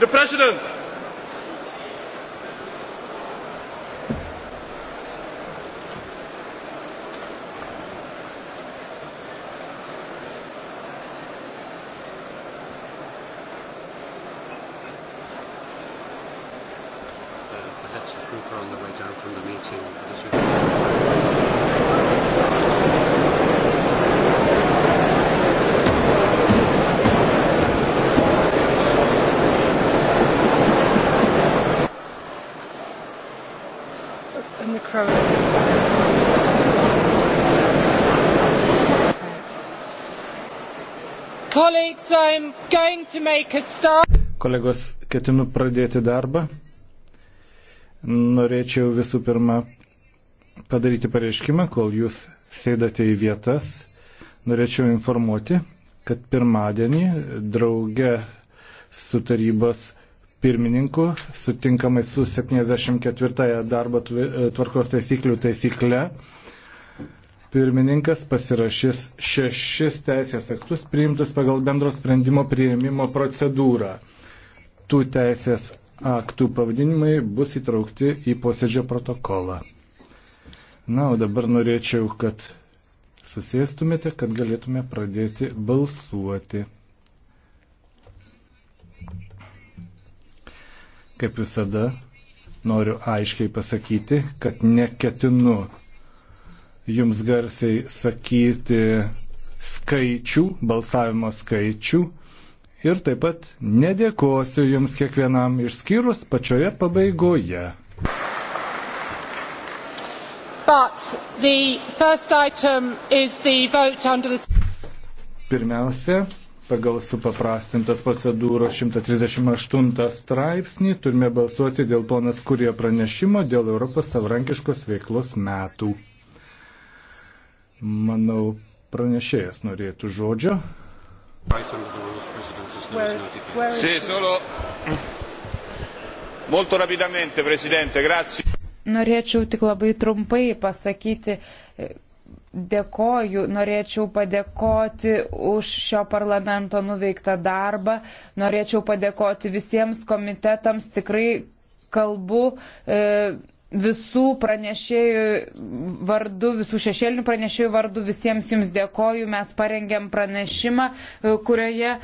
The President. Uh, the heads of group are on the way down from the meeting. in the crowd. Colleagues, I'm going to make a start. Kolegos, ketinu pradėti darbą. Norėčiau visų pirma padaryti pareiškimą, kol jūs sėdate į vietas. Norėčiau informuoti, kad pirmadienį drauge su tarybos pirmininku, sutinkamai su 74 darbo e, tvarkos taisyklių taisykle. Pirmininkas pasirašys šešis teisės aktus priimtus pagal bendro sprendimo prieimimo procedūrą. Tų teisės aktų pavadinimai bus įtraukti į posėdžio protokolą. Na, o dabar norėčiau, kad susėstumėte, kad galėtume pradėti balsuoti. Kaip visada, noriu aiškiai pasakyti, kad neketinu jums garsiai sakyti skaičių, balsavimo skaičių ir taip pat nedėkosiu jums kiekvienam išskyrus pačioje pabaigoje. The... Pirmiausia, pagal supaprastintas procedūros 138 straipsnį turime balsuoti dėl ponas Kurio pranešimo dėl Europos savrankiškos veiklos metų. Manau, pranešėjas norėtų žodžio. Norėčiau tik labai trumpai pasakyti, dėkoju, norėčiau padėkoti už šio parlamento nuveiktą darbą, norėčiau padėkoti visiems komitetams, tikrai kalbu. E, visų pranešėjų vardu, visų šešėlinių pranešėjų vardu visiems jums dėkoju. Mes parengėm pranešimą, e, kurioje